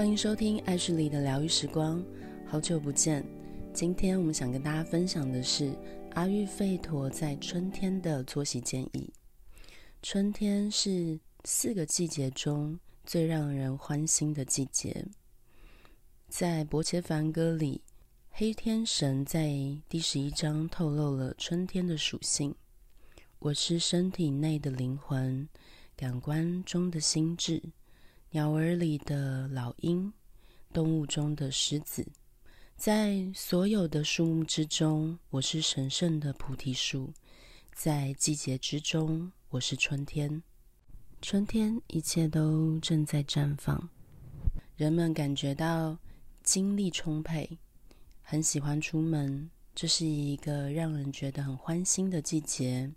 歡迎收聽《愛旭黎的療癒時光》，好久不見。今天我們想跟大家分享的是阿育吠陀在春天的作息建議。春天是四個季節中最讓人歡欣的季節。在《薄伽梵歌》裡，黑天神在第十一章透露了春天的屬性：我是身體內的靈魂，感官中的心智。鳥兒裡的老鷹，動物中的獅子，在所有的樹木之中，我是神聖的菩提樹。在季節之中，我是春天。春天，一切都正在綻放，人們感覺到精力充沛，很喜歡出門。這是一個讓人覺得很歡欣的季節。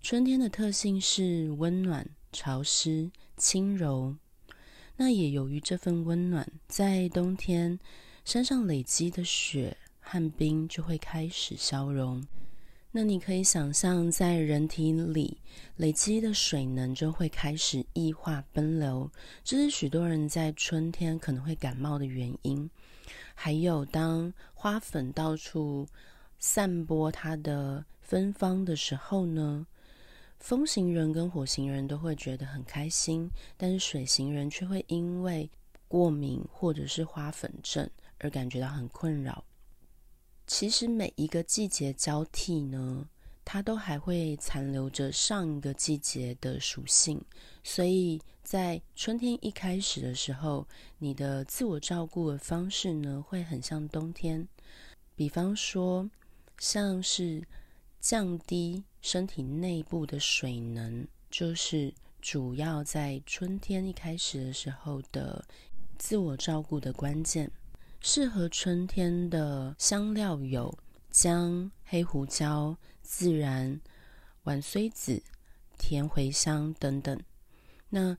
春天的特性是溫暖、潮濕、輕柔。那也由於這份溫暖，在冬天山上累積的雪和冰就會開始消融。那你可以想象，在人體裡累積的水能就會開始異化奔流，這是許多人在春天可能會感冒的原因。還有，當花粉到處散播它的芬芳的時候呢，風型人跟火型人都會覺得很開心，但是水型人卻會因為過敏或者是花粉症而感覺到很困擾。其實每一個季節交替呢，它都還會殘留着上一個季節的屬性，所以在春天一開始的時候，你的自我照顧的方式呢，會很像冬天，比方說像是降低。身體內部的水能，就是主要在春天一開始的時候的自我照顧的關鍵。適合春天的香料有薑、黑胡椒、孜然、芫荽子、甜茴香等等。那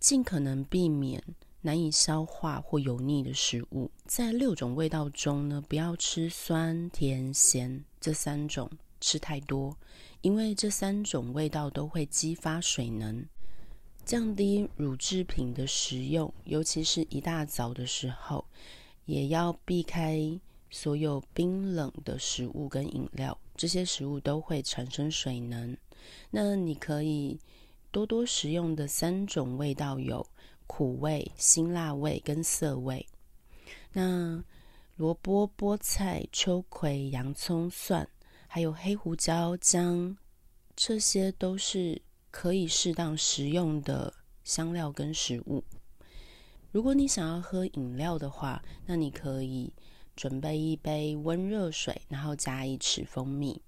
盡可能避免難以消化或油膩的食物。在六種味道中呢，不要吃酸、甜、鹹這三種，吃太多。因為這三種味道都會激發水能。降低乳制品的食用，尤其是一大早的時候，也要避開所有冰冷的食物跟飲料。這些食物都會產生水能。那你可以多多食用的三種味道有苦味、辛辣味跟澀味。那蘿蔔、菠菜、秋葵、洋蔥、蒜。還有黑胡椒、薑，這些都是可以適當食用的香料跟食物。如果你想要喝飲料的話，那你可以準備一杯溫熱水，然後加一匙蜂蜜。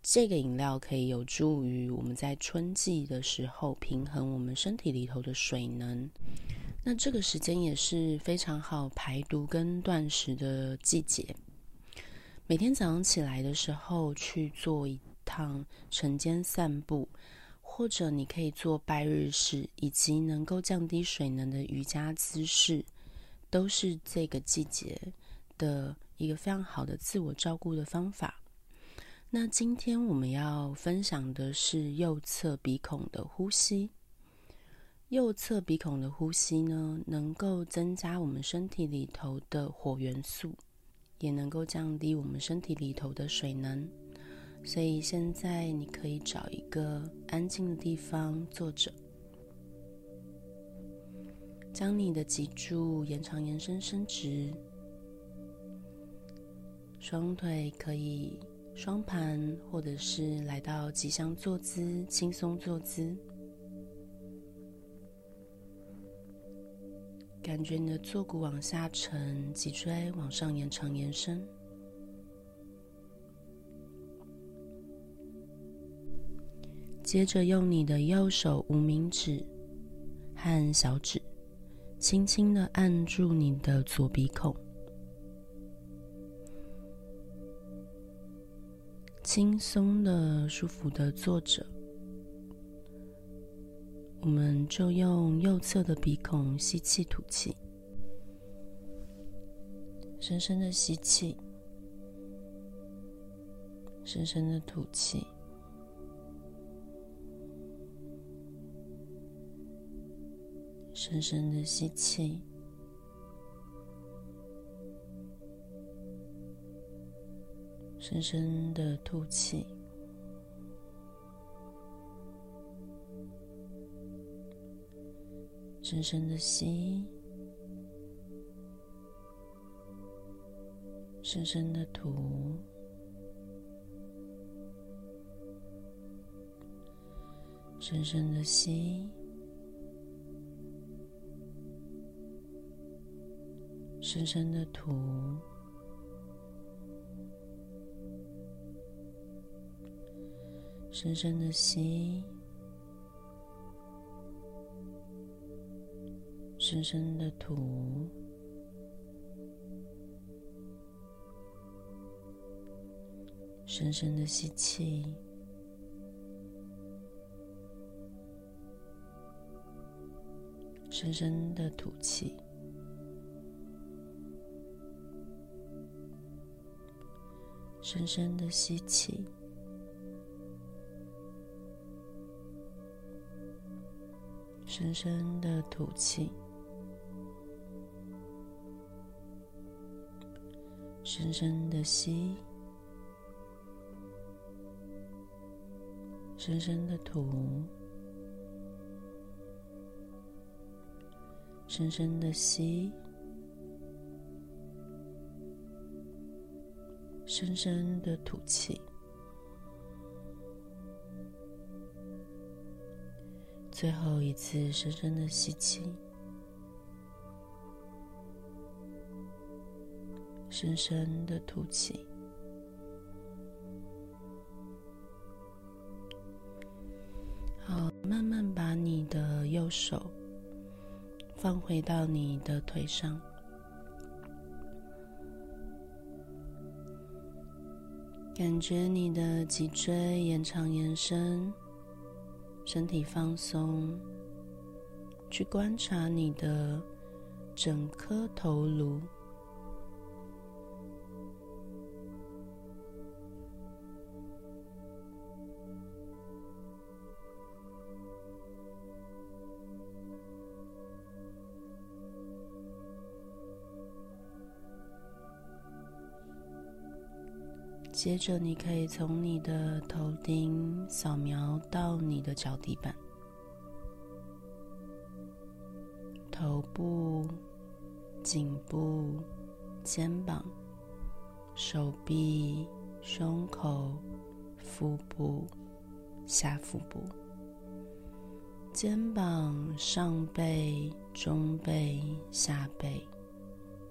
這個飲料可以有助於我們在春季的時候平衡我們身體裡頭的水能。那這個時間也是非常好排毒跟斷食的季節。每天早上起來的時候去做一趟晨間散步，或者你可以做拜日式，以及能夠降低水能的瑜伽姿勢，都是這個季節的一個非常好的自我照顧的方法。那今天我們要分享的是右側鼻孔的呼吸。右側鼻孔的呼吸呢，能夠增加我們身體裡頭的火元素。也能夠降低我們身體裡頭的水能，所以現在你可以找一個安靜的地方坐着，將你的脊柱延長、延伸、伸直，雙腿可以雙盤，或者是來到吉祥坐姿、輕鬆坐姿。感覺你的坐骨往下沉，脊椎往上延長延伸。接着用你的右手無名指和小指，輕輕的按住你的左鼻孔，輕鬆的、舒服的坐着。我們就用右側的鼻孔吸氣、吐氣，深深的吸氣，深深的吐氣，深深的吸氣，深深的吐氣。深深的吸，深深的吐，深深的吸，深深的吐，深深的吸，深深的吐，深深的吸氣，深深的吐氣，深深的吸氣，深深的吐氣。深深的吸，深深的吐，深深的吸，深深的吐氣。最後一次深深的吸氣。深深的吐氣，好，慢慢把你的右手放回到你的腿上，感覺你的脊椎延長延伸，身體放鬆，去觀察你的整顆頭顱。接着，你可以從你的頭頂掃描到你的腳底板，頭部、頸部、肩膀、手臂、胸口、腹部、下腹部、肩膀、上背、中背、下背、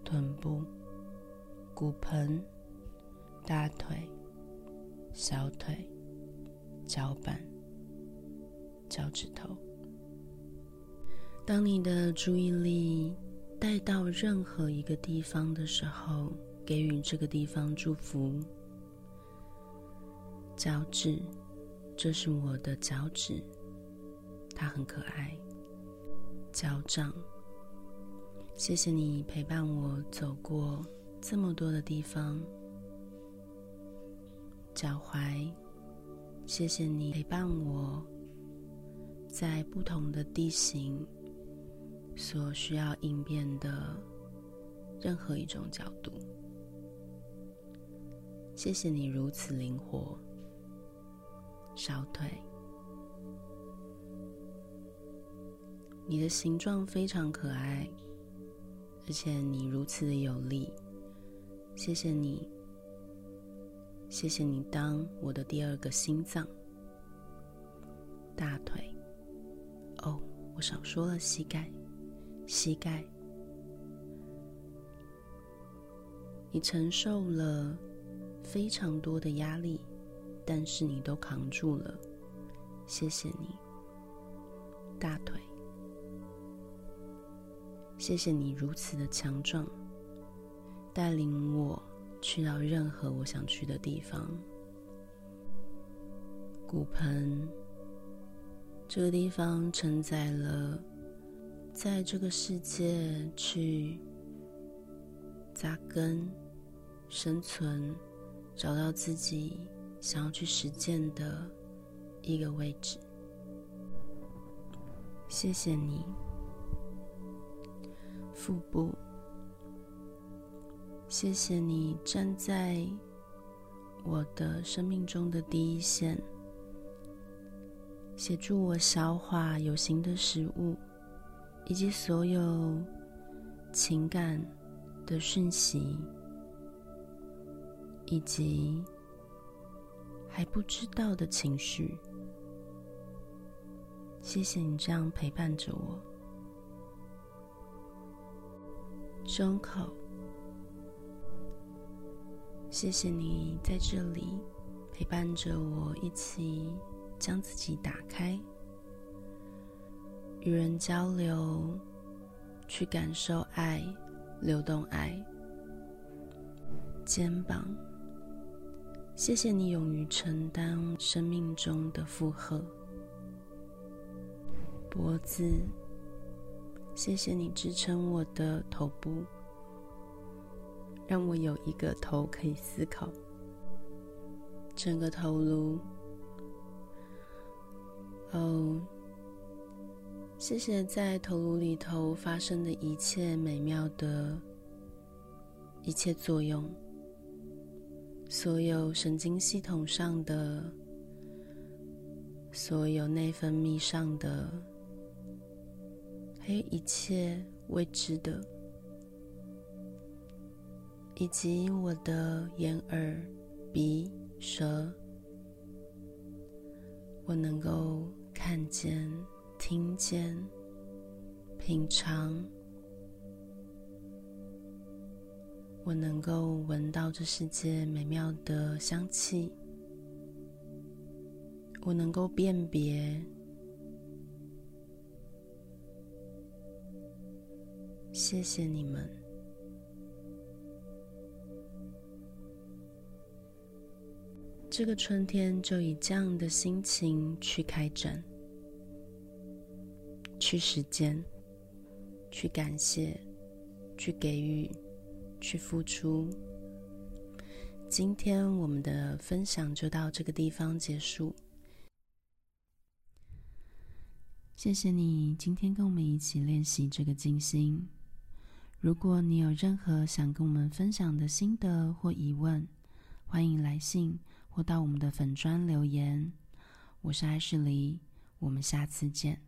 臀部、骨盆。大腿、小腿、腳板、腳趾頭。當你的注意力帶到任何一個地方的時候，給予這個地方祝福。腳趾，這是我的腳趾，它很可愛。腳掌，謝謝你陪伴我走過這麼多的地方。腳踝，謝謝你陪伴我，在不同的地形，所需要應變的任何一種角度。謝謝你如此靈活。小腿，你的形狀非常可愛，而且你如此的有力，謝謝你。謝謝你當我的第二個心臟，大腿。哦，我少說了膝蓋，膝蓋，你承受了非常多的壓力，但是你都扛住了，謝謝你，大腿。謝謝你如此的強壯，帶領我去到任何我想去的地方。骨盆，這個地方承載了在這個世界去扎根、生存、找到自己想要去實踐的一個位置。謝謝你，腹部。謝謝你站在我的生命中的第一線，協助我消化有形的食物，以及所有情感的訊息，以及還不知道的情緒。謝謝你這樣陪伴着我，胸口。謝謝你在這裡陪伴着我，一起將自己打開，與人交流，去感受愛，流動愛。肩膀，謝謝你勇於承擔生命中的負荷。脖子，謝謝你支撐我的頭部。讓我有一個頭可以思考，整個頭顱。哦，謝謝在頭顱裡頭發生的一切美妙的一切作用，所有神經系統上的，所有內分泌上的，還有一切未知的，以及我的眼耳鼻舌，我能夠看見、聽見、品嘗，我能夠聞到這世界美妙的香氣，我能夠辨別。謝謝你們。這個春天就以這樣的心情去開展，去實踐，去感謝，去給予，去付出。今天我們的分享就到這個地方結束。謝謝你今天跟我們一起練習這個靜心。如果你有任何想跟我們分享的心得或疑問，歡迎來信。到我們的粉專留言，我是愛旭黎，我們下次見。